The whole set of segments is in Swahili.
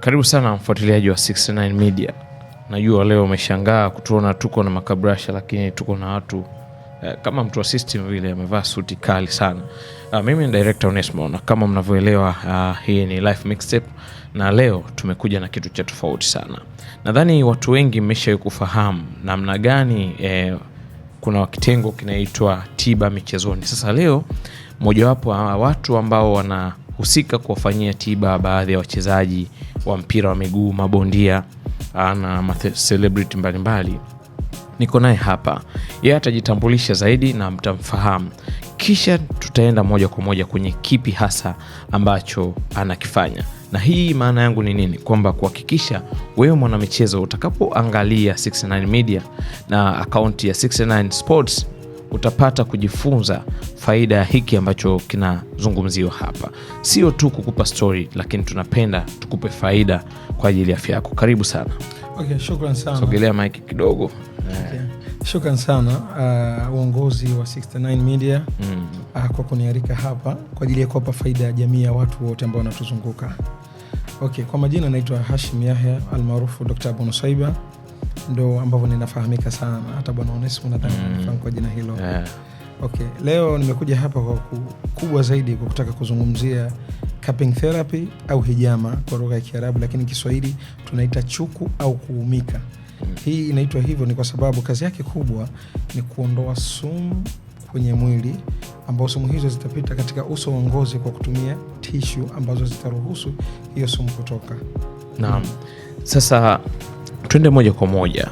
Karibu sana mfuatiliaji wa 69 Media. Najua leo umeshangaa kutuona tuko na makabrasha, lakini tuko na watu eh, kama mtu wa system vile amevaa suti kali sana. Uh, mimi ni director Onesmo na kama mnavyoelewa, uh, hii ni live mixtape na leo tumekuja na kitu cha tofauti sana. Nadhani watu wengi mmeshawahi kufahamu namna gani eh, kuna kitengo kinaitwa tiba michezoni. Sasa leo mojawapo wa watu ambao wana husika kuwafanyia tiba baadhi ya wachezaji wa mpira wa miguu, mabondia ah, na macelebrity mbalimbali. Niko naye hapa, yeye atajitambulisha zaidi na mtamfahamu, kisha tutaenda moja kwa moja kwenye kipi hasa ambacho anakifanya na hii maana yangu ni nini? Kwamba kuhakikisha wewe mwanamichezo utakapoangalia 69 Media na akaunti ya 69 Sports utapata kujifunza faida ya hiki ambacho kinazungumziwa hapa, sio tu kukupa story, lakini tunapenda tukupe faida kwa ajili ya afya yako. Karibu sana. Okay, shukran maiki kidogo. Okay. Shukran sana uh, uongozi wa 69 Media mm. uh, kwa kuniarika hapa kwa ajili ya kuwapa faida ya jamii ya watu wote ambao wanatuzunguka. Okay, kwa majina anaitwa Hashim Yahya almaarufu d Abunusaiba ndo ambavyo ninafahamika sana. Hata Bwana onesimu nadhani mm. kwa jina hilo yeah. Okay, leo nimekuja hapa kwa kubwa zaidi kwa kutaka kuzungumzia cupping therapy au hijama kwa lugha ya Kiarabu, lakini Kiswahili tunaita chuku au kuumika. Mm. Hii inaitwa hivyo ni kwa sababu kazi yake kubwa ni kuondoa sumu kwenye mwili ambao sumu hizo zitapita katika uso wa ngozi kwa kutumia tishu ambazo zitaruhusu hiyo sumu kutoka. Naam. Mm. Sasa Twende moja kwa moja,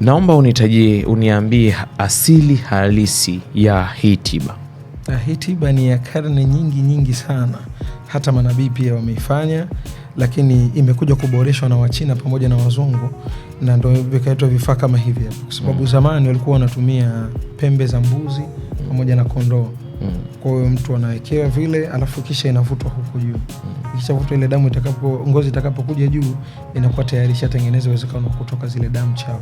naomba unitajie, uniambie asili halisi ya hii tiba. Hii tiba ni ya karne nyingi nyingi sana, hata manabii pia wameifanya, lakini imekuja kuboreshwa na Wachina pamoja na Wazungu, na ndo vikaitwa vifaa kama hivi, kwa sababu mm. zamani walikuwa wanatumia pembe za mbuzi pamoja na kondoo Mm. Kwa hiyo mtu anawekewa vile, alafu kisha inavutwa huku juu mm. Ikishavutwa ile damu itakapo, ngozi itakapokuja juu inakuwa tayari ishatengeneza uwezekano wa kutoka zile damu chafu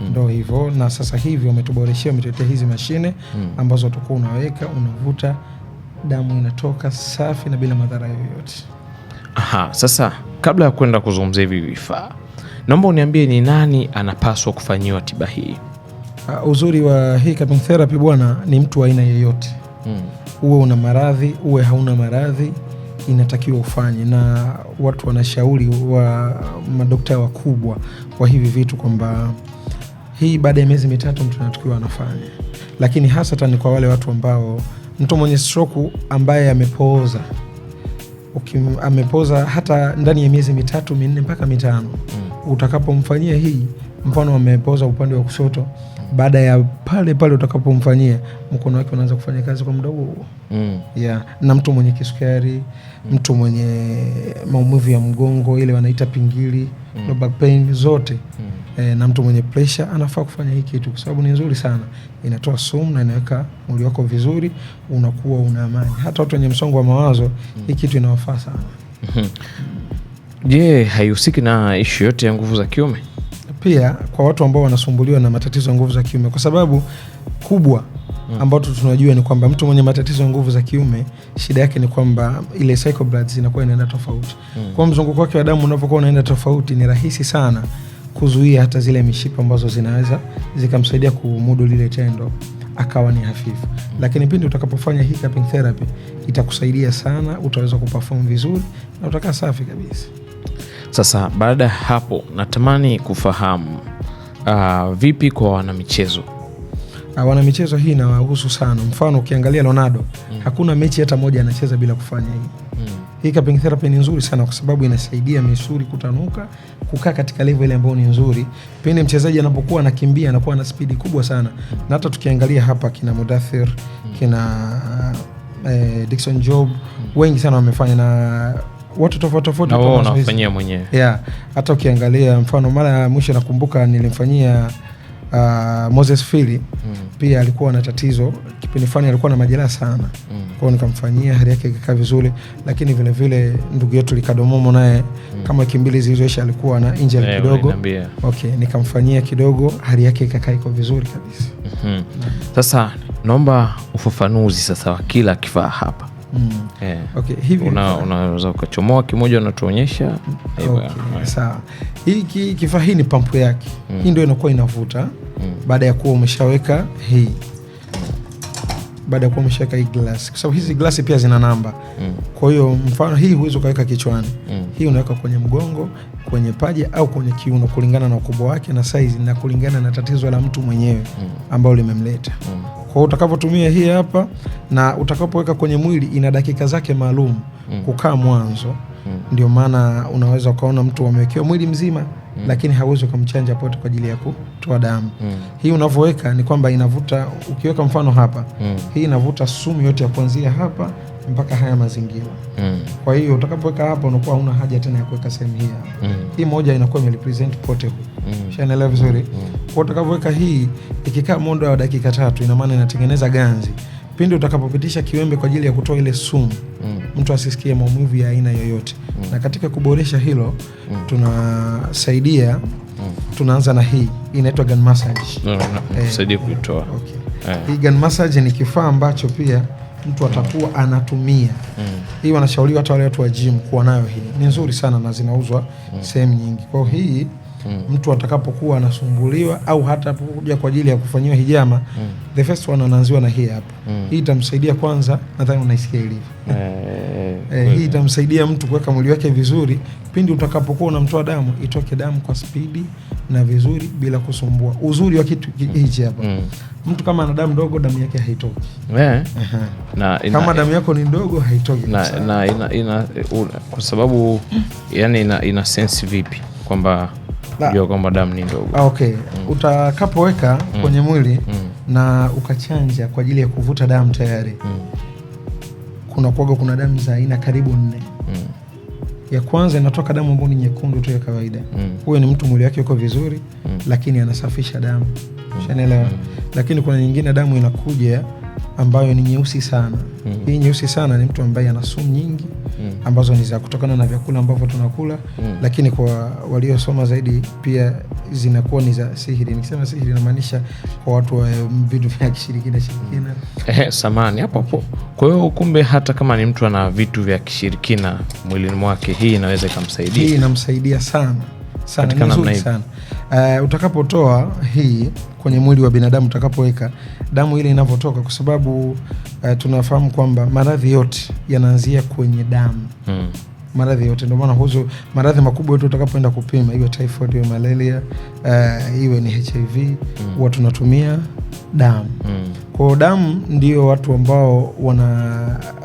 mm. Ndo hivyo, na sasa hivi wametuboreshea, wametuletea hizi mashine mm. ambazo utakuwa unaweka unavuta, damu inatoka safi na bila madhara yoyote. Aha, sasa kabla ya kwenda kuzungumzia hivi vifaa, naomba uniambie ni nani anapaswa kufanyiwa tiba hii? uh, uzuri wa hii cabin therapy bwana, ni mtu aina yeyote mm. uwe una maradhi uwe hauna maradhi inatakiwa ufanye, na watu wanashauri wa madokta wakubwa wa hivi vitu kwamba hii baada ya miezi mitatu mtu anatakiwa anafanya, lakini hasa kwa wale watu ambao mtu mwenye stroke ambaye amepooza amepooza hata ndani ya miezi mitatu minne mpaka mitano mm. utakapomfanyia hii, mfano amepooza upande wa kushoto baada ya pale pale utakapomfanyia mkono wake unaanza kufanya kazi kwa muda huo Mm. Yeah. Na mtu mwenye kisukari, mm. mtu mwenye maumivu ya mgongo ile wanaita pingili, mm. back pain zote, mm. eh, na mtu mwenye pressure anafaa kufanya hii kitu kwa sababu ni nzuri sana, inatoa sumu na inaweka mwili wako vizuri, unakuwa una amani. Hata watu wenye msongo wa mawazo, mm. hii kitu inawafaa sana. Je, haihusiki na ishu yote ya nguvu za kiume? pia kwa watu ambao wanasumbuliwa na matatizo ya nguvu za kiume, kwa sababu kubwa mm. ambayo tunajua ni kwamba mtu mwenye matatizo ya nguvu za kiume shida yake ni kwamba ile cycle blood inakuwa inaenda tofauti. Mm. Kwa mzunguko wake wa damu unapokuwa unaenda tofauti, ni rahisi sana kuzuia hata zile mishipa ambazo zinaweza zikamsaidia kumudu lile tendo akawa ni hafifu. Mm. Lakini pindi utakapofanya hii cupping therapy itakusaidia sana, utaweza kuperform vizuri na utakaa safi kabisa. Sasa baada ya hapo, natamani kufahamu uh, vipi kwa wanamichezo uh, wanamichezo hii inawahusu sana. Mfano ukiangalia Ronaldo mm. hakuna mechi hata moja anacheza bila kufanya hii mm. Hii cupping therapy ni nzuri sana kwa sababu inasaidia misuli kutanuka, kukaa katika level ile ambayo ni nzuri. Pindi mchezaji anapokuwa anakimbia anakuwa na spidi kubwa sana, hmm. na hata tukiangalia hapa kina Mudathir, hmm. kina eh, Dickson Job hmm. wengi sana wamefanya na watu tofauti tofauti na wao wanafanyia mwenyewe. Yeah. Hata ukiangalia mfano mara ya mwisho nakumbuka nilimfanyia uh, Moses Fili mm. pia alikuwa na tatizo kipindi fulani, alikuwa na majeraha sana mm. kwao nikamfanyia, hali yake ikakaa vizuri, lakini vilevile ndugu yetu Likadomomo naye mm. kama wiki mbili zilizoisha alikuwa na injury hey, kidogo okay, nikamfanyia kidogo, hali yake ikakaa iko vizuri kabisa mm -hmm. Sasa naomba ufafanuzi sasa wa kila kifaa hapa Mm. Eh, unaweza ukachomoa kimoja unatuonyesha mm. eh. Sawa, hii kifaa hii ni pampu yake mm. Hii ndio inakuwa inavuta mm. Baada ya kuwa umeshaweka hii baada ya kuwa umeshaweka hii glasi, kwa sababu hizi glasi pia zina namba mm. Kwa hiyo mfano hii huwezi ukaweka kichwani mm. Hii unaweka kwenye mgongo, kwenye paja au kwenye kiuno, kulingana na ukubwa wake na saizi na kulingana na tatizo la mtu mwenyewe mm. limemleta mm. Kwa utakavyotumia hii hapa na utakapoweka kwenye mwili ina dakika zake maalum mm. kukaa mwanzo mm. ndio maana unaweza ukaona mtu amewekewa mwili mzima mm. lakini hauwezi ukamchanja pote kwa ajili ya kutoa damu mm. hii unavyoweka ni kwamba inavuta, ukiweka mfano hapa mm. hii inavuta sumu yote ya kuanzia hapa mpaka haya mazingira mm. Kwa hiyo utakapoweka hapa unakuwa hauna haja tena ya kuweka sehemu hii hapa mm. Hii moja inakuwa imerepresent pote huku mm. Shanaelewa vizuri mm. Kwa utakapoweka hii ikikaa muda wa dakika tatu, ina maana inatengeneza ganzi pindi utakapopitisha kiwembe kwa ajili ya kutoa ile sumu mm. mtu asisikie maumivu ya aina yoyote mm. na katika kuboresha hilo mm. tunasaidia mm. tunaanza na hii inaitwa gun massage no, no, no. Eh, kusaidia kuitoa okay. Eh. Hii gun massage ni kifaa ambacho pia mtu atakuwa anatumia mm. Hii wanashauriwa hata wale watu wa gym kuwa nayo, hii ni nzuri sana na zinauzwa mm. sehemu nyingi, kwa hiyo hii mm. mtu atakapokuwa anasumbuliwa au hata kuja kwa ajili ya kufanyiwa hijama mm. the first one anaanziwa na hii hapa mm. hii itamsaidia kwanza, nadhani unaisikia ilivyo eh, eh, eh hii itamsaidia mtu kuweka mwili wake vizuri, pindi utakapokuwa unamtoa damu itoke damu kwa spidi na vizuri bila kusumbua. Uzuri wa kitu mm. hichi hapa mm. mtu kama ana damu ndogo, damu yake haitoki eh. na, ina, kama damu yako ni ndogo haitoki na, na, ina, ina, una, kwa sababu yani ina, ina sense vipi kwamba Ah. kujua kwamba damu ni ndogo. Ah, okay. Mm. Utakapoweka mm. kwenye mwili mm. na ukachanja kwa ajili ya kuvuta damu tayari mm. kuna kuoga, kuna damu za aina karibu nne mm. ya kwanza inatoka damu ambayo ni nyekundu tu ya kawaida. Mm. Huyo mm. ni mtu mwili wake uko vizuri mm. lakini anasafisha damu, mm. ushaelewa mm. lakini kuna nyingine damu inakuja ambayo ni nyeusi sana mm. Hii nyeusi sana ni mtu ambaye ana sumu nyingi mm. ambazo ni za kutokana na vyakula ambavyo tunakula mm. Lakini kwa waliosoma zaidi pia zinakuwa ni za sihiri. Nikisema sihiri namaanisha kwa watu wa vitu vya kishirikina shirikina. Ehe, mm. samani hapo hapo. Kwa hiyo kumbe hata kama ni mtu ana vitu vya kishirikina mwilini mwake, hii inaweza ikamsaidia. Hii inamsaidia sana sana, nzuri sana Uh, utakapotoa hii kwenye mwili wa binadamu, utakapoweka damu ile inavyotoka, kwa sababu uh, tunafahamu kwamba maradhi yote yanaanzia kwenye damu mm. Maradhi yote ndio maana huzo maradhi makubwa yote utakapoenda kupima, iwe typhoid iwe malaria uh, iwe ni HIV hmm. huwa mm. tunatumia damu mm. Kwa damu ndio watu ambao wana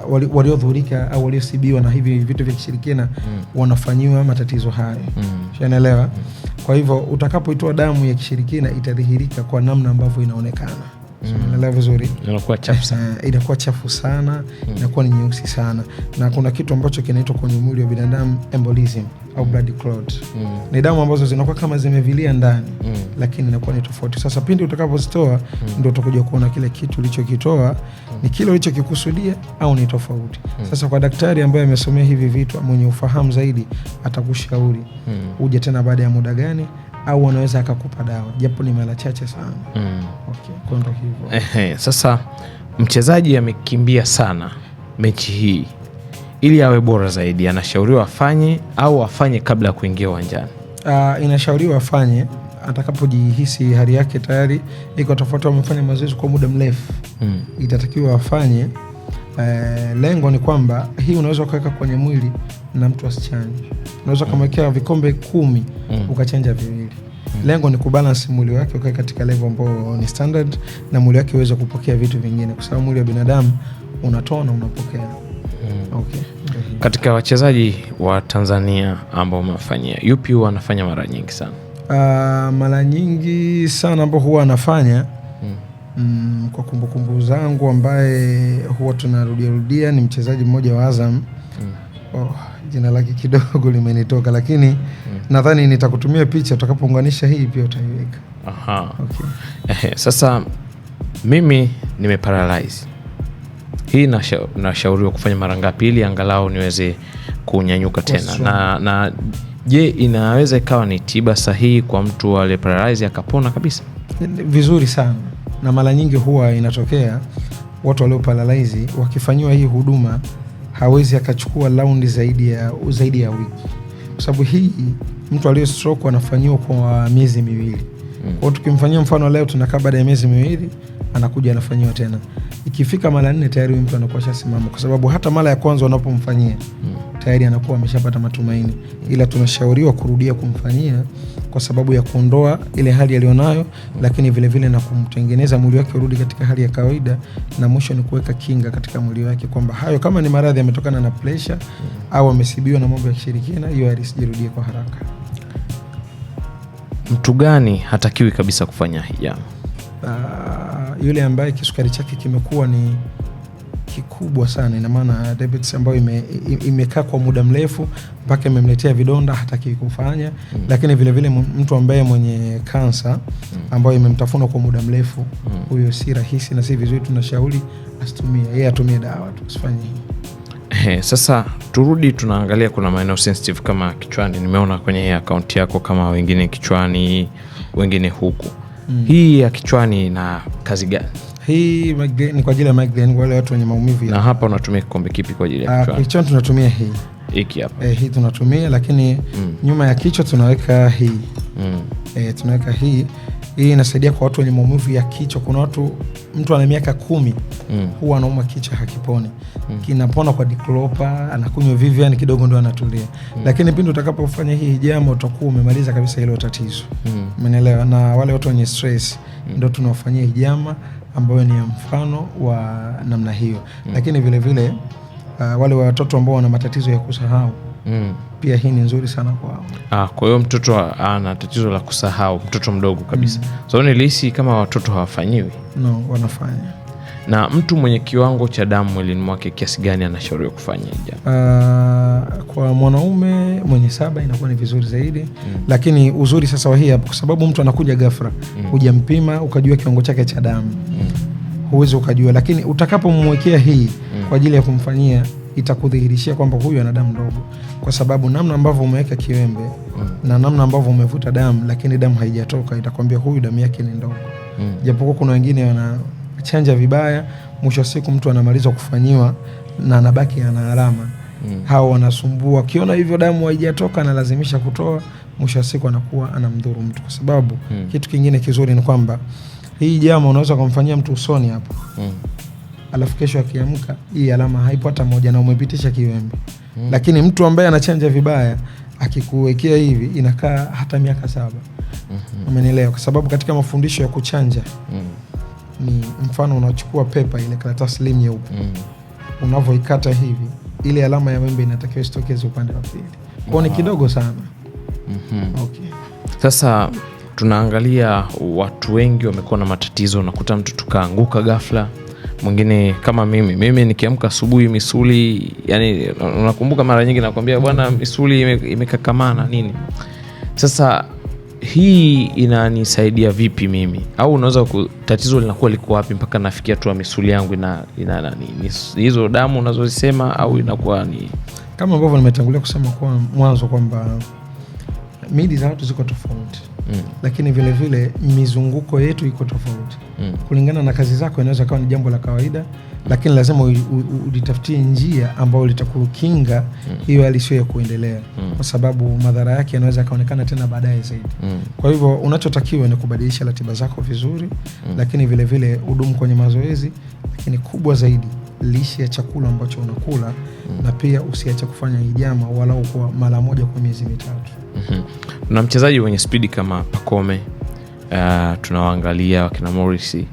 waliodhurika wali au waliosibiwa na hivi vitu vya kishirikina mm. wanafanyiwa matatizo hayo mm. shanaelewa mm. Kwa hivyo utakapoitoa damu ya kishirikina itadhihirika kwa namna ambavyo inaonekana unaelewa vizuri, inakuwa chafu sana, eh, inakuwa chafu sana, hmm. inakuwa ni nyeusi sana, na kuna kitu ambacho kinaitwa kwenye mwili wa binadamu embolism au blood clot. Mm. Ni damu ambazo zinakuwa kama zimevilia ndani mm. lakini inakuwa ni tofauti. Sasa pindi utakapozitoa mm. ndio utakuja kuona kile kitu ulichokitoa mm. ni kile ulichokikusudia au ni tofauti mm. Sasa kwa daktari ambaye amesomea hivi vitu, mwenye ufahamu zaidi, atakushauri mm. uje tena baada ya muda gani au anaweza akakupa dawa japo ni mara chache sana. Mm. Okay, kwa hivyo. Ehe, sasa mchezaji amekimbia sana mechi hii, ili awe bora zaidi anashauriwa afanye au afanye kabla ya kuingia uwanjani? Uh, inashauriwa afanye atakapojihisi hali yake tayari iko tofauti, amefanya mazoezi kwa muda mrefu. Mm. Itatakiwa afanye Eh, lengo ni kwamba hii unaweza ukaweka kwenye mwili na mtu asichanje. Unaweza ukamwekea vikombe kumi mm. ukachanja viwili mm. lengo ni kubalansi mwili wake ukae katika level ambayo ni standard, na mwili wake uweze kupokea vitu vingine, kwa sababu mwili wa binadamu unatoa na unapokea mm. okay. mm. Katika wachezaji wa Tanzania ambao umewafanyia, yupi huwa anafanya mara nyingi sana? Uh, mara nyingi sana ambao huwa anafanya mm, kwa kumbukumbu zangu ambaye huwa tunarudiarudia ni mchezaji mmoja wa Azam mm. oh, jina lake kidogo limenitoka, lakini mm. nadhani nitakutumia picha utakapounganisha hii pia utaiweka. Aha. Okay. sasa mimi nimeparalyze hii nashauriwa kufanya mara ngapi ili angalau niweze kunyanyuka tena? Na, na je, inaweza ikawa ni tiba sahihi kwa mtu aliyeparalyze akapona kabisa? Vizuri sana na mara nyingi huwa inatokea watu walio paralyze wakifanyiwa hii huduma hawezi akachukua raundi zaidi ya, zaidi ya wiki, kwa sababu hii mtu aliyo stroke anafanyiwa kwa miezi miwili mm. Kwao tukimfanyia mfano leo, tunakaa baada ya miezi miwili anakuja anafanyiwa tena, ikifika mara nne tayari mtu anakuwa shasimama, kwa sababu hata mara ya kwanza unapomfanyia mm. tayari anakuwa ameshapata matumaini, hmm. ila tunashauriwa kurudia kumfanyia kwa sababu ya kuondoa ile hali aliyonayo, lakini vilevile vile na kumtengeneza mwili wake urudi katika hali ya kawaida, na mwisho ni kuweka kinga katika mwili wake kwamba hayo kama ni maradhi yametokana na pressure hmm. au amesibiwa na mambo ya kishirikina, hiyo alisijirudie kwa haraka. Mtu gani hatakiwi kabisa kufanya hijama? Uh, yule ambaye kisukari chake kimekuwa ni kikubwa sana. Ina maana debit ambayo imekaa ime kwa muda mrefu mpaka imemletea vidonda hataki kufanya mm. Lakini vilevile vile mtu ambaye mwenye kansa mm. ambayo imemtafuna kwa muda mrefu mm. huyo si rahisi na si vizuri, tunashauri asitumie, yeye atumie dawa tu, usifanye He, sasa turudi tunaangalia, kuna maeneo sensitive kama kichwani. Nimeona kwenye hii akaunti yako kama wengine kichwani, wengine huku mm. hii ya kichwani na kazi gani? Hii migraine, kwa ajili ya migraine, wale watu wenye maumivu. Na hapa unatumia kikombe kipi kwa ajili ya ah, kichwa? Kichwa tunatumia hii hiki hapa. Eh, hii tunatumia lakini mm. nyuma ya kichwa tunaweka hii mm. Eh, tunaweka hii hii inasaidia kwa watu wenye maumivu ya kichwa. Kuna watu mtu ana miaka kumi mm. huwa anauma kichwa hakiponi mm. kinapona kwa diklopa, anakunywa Vivian kidogo ndio anatulia mm. lakini pindi utakapofanya hii hijama utakuwa umemaliza kabisa hilo tatizo, mm. umeelewa mm. na wale watu wenye stress mm. ndio tunawafanyia hijama ambayo ni mfano wa namna hiyo mm. Lakini vilevile vile, uh, wale watoto ambao wana matatizo ya kusahau mm. Pia hii ni nzuri sana kwao. Ah, kwa hiyo mtoto ana tatizo la kusahau, mtoto mdogo kabisa mm. So nilihisi kama watoto hawafanyiwi. No, wanafanya na mtu mwenye kiwango cha damu mwilini mwake kiasi gani anashauriwa kufanya Uh, kwa mwanaume mwenye saba inakuwa ni vizuri zaidi mm. Lakini uzuri sasa wa hii hapa, kwa sababu mtu anakuja ghafla mm. Hujampima ukajua kiwango chake cha damu mm. Huwezi ukajua, lakini utakapomwekea hii mm. kwa ajili ya kumfanyia itakudhihirishia kwamba huyu ana damu ndogo, kwa sababu namna ambavyo umeweka kiwembe mm. na namna ambavyo umevuta damu, lakini damu haijatoka, itakwambia huyu damu yake ni ndogo mm. Japokuwa kuna wengine wana anachanja vibaya, mwisho wa siku mtu anamaliza kufanyiwa na anabaki ana alama mm. Hao wanasumbua, ukiona hivyo damu haijatoka analazimisha kutoa, mwisho wa siku anakuwa anamdhuru mtu, kwa sababu mm. Kitu kingine kizuri ni kwamba hii jama unaweza kumfanyia mtu usoni hapo mm. Alafu kesho akiamka hii alama haipo hata moja na umepitisha kiwembe mm. Lakini mtu ambaye anachanja vibaya akikuwekea hivi inakaa hata miaka saba mm -hmm. Umenielewa? Kwa sababu katika mafundisho ya kuchanja mm ni mfano, unachukua pepa ile karatasi lim nyeupe mm. unavyoikata hivi, ile alama ya wembe inatakiwa isitokeze upande wa pili kwao. Ni kidogo sana mm -hmm. okay. Sasa tunaangalia watu wengi wamekuwa na matatizo, unakuta mtu tukaanguka ghafla mwingine kama mimi mimi nikiamka asubuhi misuli, yani unakumbuka, mara nyingi nakwambia bwana, misuli imekakamana ime nini. Sasa hii inanisaidia vipi mimi au unaweza tatizo linakuwa liko wapi mpaka nafikia tu misuli yangu ina, ina, ina, ni hizo damu unazozisema au inakuwa ni kama ambavyo nimetangulia kusema kwa mwanzo kwamba mili za watu ziko tofauti mm. lakini vile vile, mizunguko yetu iko tofauti mm. kulingana na kazi zako, inaweza kawa ni jambo la kawaida, lakini lazima ulitafutie njia ambayo litakukinga mm. hiyo mm. hali sio ya kuendelea mm. kwa sababu madhara yake yanaweza yakaonekana tena baadaye zaidi mm. kwa hivyo unachotakiwa ni kubadilisha ratiba zako vizuri mm. lakini vilevile vile, udumu kwenye mazoezi, lakini kubwa zaidi lishe ya chakula ambacho unakula mm. na pia usiache kufanya hijama walau kwa mara moja kwa miezi mitatu. mm-hmm. na mchezaji wenye spidi kama pakome uh, tunawaangalia wakina Morisi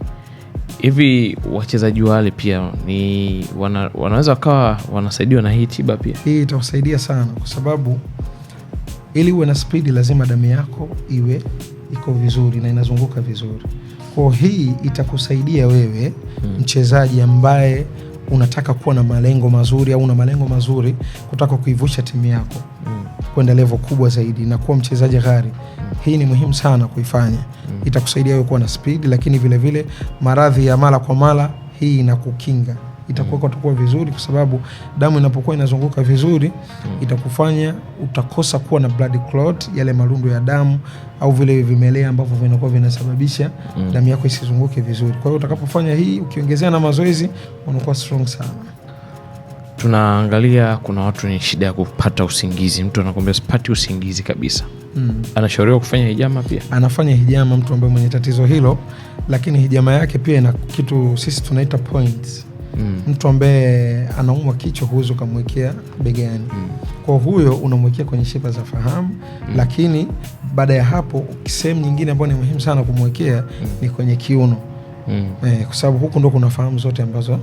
hivi wachezaji wale pia ni wana, wanaweza wakawa wanasaidiwa na hii tiba pia. Hii itawasaidia sana, kwa sababu ili uwe na spidi lazima damu yako iwe iko vizuri na inazunguka vizuri. ko hii itakusaidia wewe hmm. mchezaji ambaye unataka kuwa na malengo mazuri au una malengo mazuri kutaka kuivusha timu yako mm. kwenda levo kubwa zaidi na kuwa mchezaji ghari mm. hii ni muhimu sana kuifanya mm. itakusaidia wewe kuwa na spidi, lakini vilevile maradhi ya mara kwa mara hii inakukinga itakuwa mm. kutakuwa vizuri, kwa sababu damu inapokuwa inazunguka vizuri mm. itakufanya utakosa kuwa na blood clot, yale marundo ya damu au vile vimelea ambavyo vinakuwa vinasababisha mm. damu yako isizunguke vizuri. Kwa hiyo utakapofanya hii ukiongezea na mazoezi unakuwa strong sana. Tunaangalia kuna watu wenye shida ya kupata usingizi, mtu anakuambia sipati usingizi kabisa. Mm. Anashauriwa kufanya hijama pia, anafanya hijama mtu ambaye mwenye tatizo hilo, lakini hijama yake pia ina kitu sisi tunaita points mm. mtu ambaye anaumwa kichwa huwezi ukamwekea begani mm. kwa huyo unamwekea kwenye shepa za fahamu mm. lakini baada ya hapo sehemu nyingine ambayo ni muhimu sana kumwekea mm. ni kwenye kiuno mm. eh, kwa sababu huku ndo kuna fahamu zote ambazo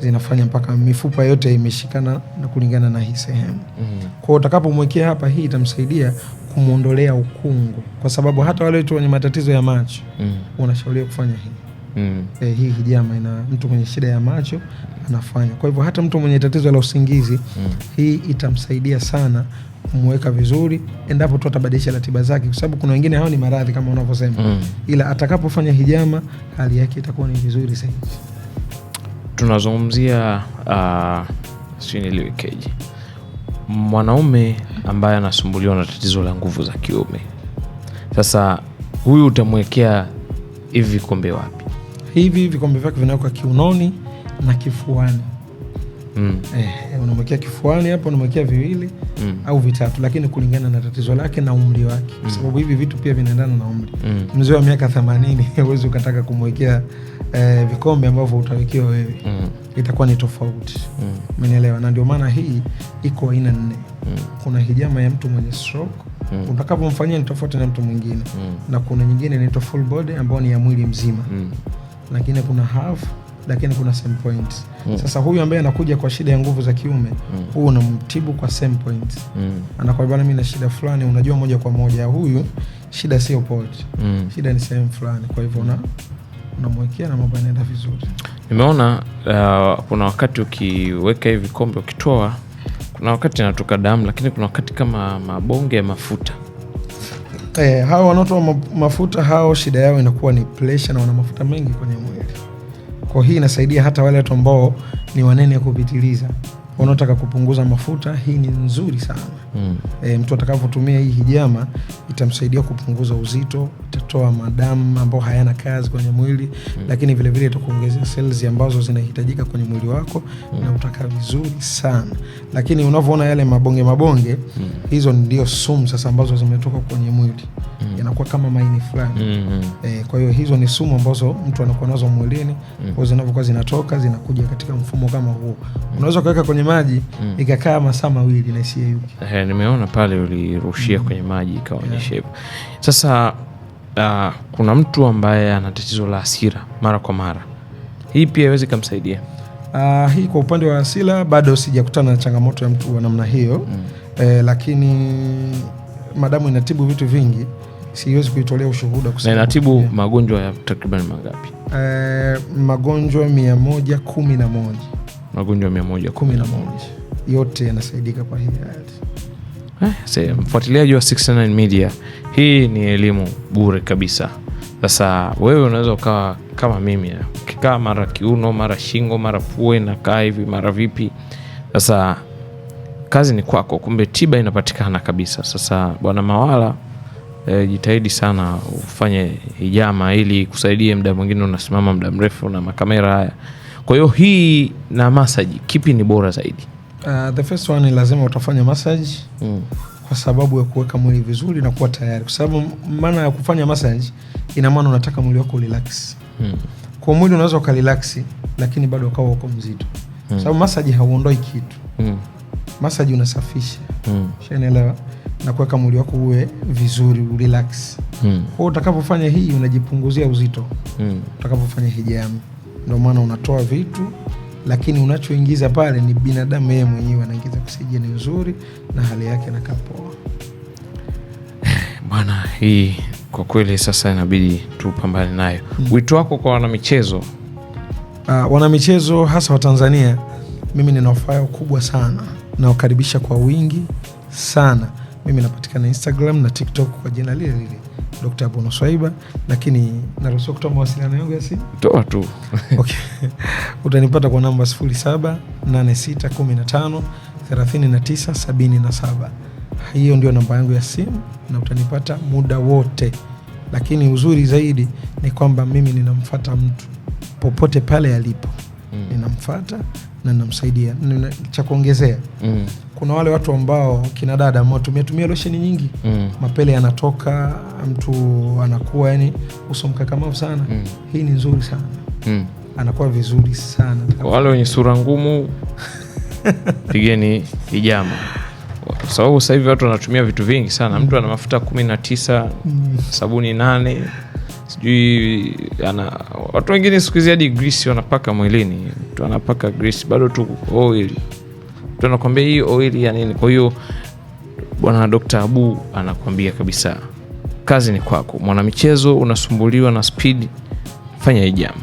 zinafanya mpaka mifupa yote imeshikana na kulingana na hii sehemu mm. kwao utakapomwekea hapa, hii itamsaidia kumwondolea ukungu, kwa sababu hata wale watu wenye matatizo ya macho mm. wanashauriwa kufanya hii. Mm. Eh, hii hijama ina mtu mwenye shida ya macho anafanya. Kwa hivyo hata mtu mwenye tatizo la usingizi mm. hii itamsaidia sana kumweka vizuri endapo tu atabadilisha ratiba zake, kwa sababu kuna wengine hao ni maradhi kama unavyosema mm. ila atakapofanya hijama hali yake itakuwa ni vizuri zaidi. Tunazungumzia uh, mwanaume ambaye anasumbuliwa na tatizo la nguvu za kiume. Sasa huyu utamwekea hivi kombe wapi? hivi vikombe vyake vinawekwa kiunoni na kifuani. Mm. Eh, unamwekea kifuani hapa, unamwekea viwili mm. au vitatu, lakini kulingana na tatizo lake na umri wake, kwa mm. sababu hivi vitu pia vinaendana na umri mm. Mzee wa miaka themanini huwezi ukataka kumwekea eh, vikombe ambavyo utawekewa wewe mm. itakuwa ni tofauti mm. Umenielewa? Na ndio maana hii iko aina nne mm. kuna hijama ya mtu mwenye stroke mm. utakapomfanyia ni tofauti na mtu mwingine mm. na kuna nyingine inaitwa full body ambayo ni ya mwili mzima mm lakini kuna half lakini kuna same point mm. Sasa huyu ambaye anakuja kwa shida ya nguvu za kiume mm. huyu unamtibu kwa same point mm. anakwambia mimi na shida fulani, unajua moja kwa moja huyu shida sio port mm. shida ni sehemu fulani, kwa hivyo unamwekea na mambo yanaenda vizuri. Nimeona uh, kuna wakati ukiweka hivi kombe ukitoa, kuna wakati inatoka damu, lakini kuna wakati kama mabonge ya mafuta eh, hao wanaotoa wa mafuta hao shida yao inakuwa ni pressure na wana mafuta mengi kwenye mwili. Kwa hii inasaidia hata wale watu ambao ni wanene kupitiliza wanaotaka kupunguza mafuta, hii ni nzuri sana mm. E, mtu atakapotumia hii hijama itamsaidia kupunguza uzito, itatoa madamu ambayo hayana kazi kwenye mwili mm. Lakini vilevile itakuongezea seli ambazo zinahitajika kwenye mwili wako mm. na utakaa vizuri sana, lakini unavyoona yale mabonge mabonge mm. hizo ndio sumu sasa ambazo zimetoka kwenye mwili mm. yanakuwa kama maini fulani mm -hmm. E, kwa hiyo hizo ni sumu ambazo mtu anakuwa nazo mwilini mm. zinavyokuwa zinatoka zinakuja katika mfumo kama huu mm. unaweza ukaweka kwenye maji mm. ikakaa masaa mawili na isiyeyuki. Eh, nimeona pale ulirushia mm. kwenye maji ikaonyesha hivyo yeah. Sasa uh, kuna mtu ambaye ana tatizo la hasira mara kwa mara, hii pia iwezi ikamsaidia uh, hii kwa upande wa hasira bado sijakutana na changamoto ya mtu wa namna hiyo mm. eh, lakini madamu inatibu vitu vingi siwezi kuitolea ushuhuda. Inatibu magonjwa ya takriban mangapi? Eh, magonjwa mia moja kumi na moja magonjwa mia moja kumi na moja yote yanasaidika kwa hii hayati. Eh, mfuatiliaji wa 69 Media, hii ni elimu bure kabisa. Sasa wewe unaweza ukawa kama mimi, eh, ukikaa mara kiuno, mara shingo, mara pue nakaa hivi, mara vipi. Sasa kazi ni kwako, kumbe tiba inapatikana kabisa. Sasa bwana Mawala, eh, jitahidi sana ufanye hijama ili kusaidie. Mda mwingine unasimama mda mrefu na makamera haya kwa hiyo hii na massage kipi ni bora zaidi? Uh, the first one lazima utafanya massage mm. Kwa sababu ya kuweka mwili vizuri na kuwa tayari, kwa sababu maana ya kufanya massage ina maana unataka mwili wako urelax mm. Kwa mwili unaweza ukarelax, lakini bado ukawa uko mzito mm. Kwa sababu massage hauondoi kitu mm. Massage unasafisha mm. Shanaelewa na kuweka mwili wako uwe vizuri urelax mm. Kwa utakapofanya hii unajipunguzia uzito mm. Utakapofanya hijamu ndio maana unatoa vitu lakini unachoingiza pale ni binadamu yeye mwenyewe anaingiza ni nzuri na hali yake nakapoa Bwana, hii kwa kweli sasa inabidi tupambane nayo. hmm. Wito wako kwa wanamichezo? Uh, wanamichezo hasa wa Tanzania, mimi nina ufayo kubwa sana, nawakaribisha kwa wingi sana mimi napatikana Instagram na TikTok kwa jina lile lile Dr. Bono Swaiba, lakini naruhusiwa kutoa mawasiliano yangu ya simu. Toa tu. Okay. Utanipata kwa namba 0786153977. Hiyo ndio namba yangu ya simu na utanipata muda wote, lakini uzuri zaidi ni kwamba mimi ninamfata mtu popote pale alipo, mm. ninamfata na namsaidia Cha kuongezea mm kuna wale watu ambao kina dada ambao tumia tumia losheni nyingi mm. mapele yanatoka, mtu anakuwa yani uso mkakamavu sana mm. hii ni nzuri sana mm. anakuwa vizuri sana. Kwa wale wenye sura ngumu pigeni hijama, kwa sababu sasa hivi watu wanatumia vitu vingi sana mm. mtu ana mm. mafuta kumi na tisa mm. sabuni nane sijui ana watu wengine siku hizi hadi grisi wanapaka mwilini, mtu anapaka grisi bado tu oil ndo hii oili ya nini. Kwa hiyo bwana dokt Abu anakwambia kabisa, kazi ni kwako mwanamichezo, unasumbuliwa na spidi, fanya hii jama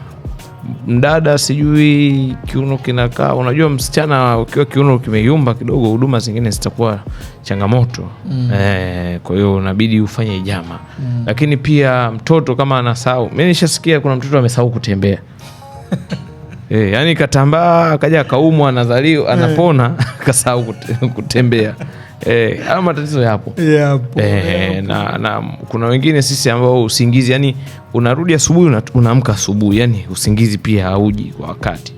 mdada sijui kiuno kinakaa. Unajua, msichana ukiwa kiuno kimeyumba kidogo, huduma zingine zitakuwa changamoto mm. E, kwa hiyo unabidi ufanye ijama mm. Lakini pia mtoto kama anasahau, mi nishasikia kuna mtoto amesahau kutembea Eh, yani katambaa akaja akaumwa anazaliwa eh. anapona akasahau kute, kutembea Eh, ama matatizo yapo, yapo, Eh, yapo. Na, na kuna wengine sisi ambao usingizi yani unarudi asubuhi unaamka asubuhi yani usingizi pia hauji kwa wakati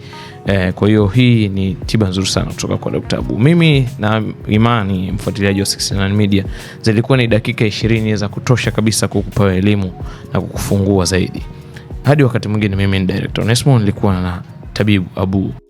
Eh, kwa hiyo hii ni tiba nzuri sana kutoka kwa Dr. Abu. Mimi na Imani, mfuatiliaji wa 69 Media, zilikuwa ni dakika ishirini za kutosha kabisa kukupa elimu na kukufungua zaidi. Hadi wakati mwingine, mimi ni Director Onesmo nilikuwa na تبيب أبوه